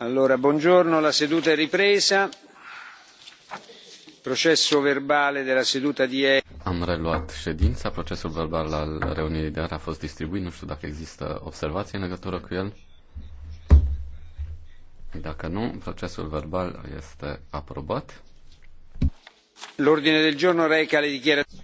Allora, buongiorno, la seduta è ripresa. Processo verbale della seduta di ieri. Am reluat ședința, procesul verbal al reuniunii de ieri a fost distribuit, nu știu dacă există observații în legătură cu el. Dacă nu, procesul verbal este aprobat. L'ordine del giorno reca le dichiarazioni.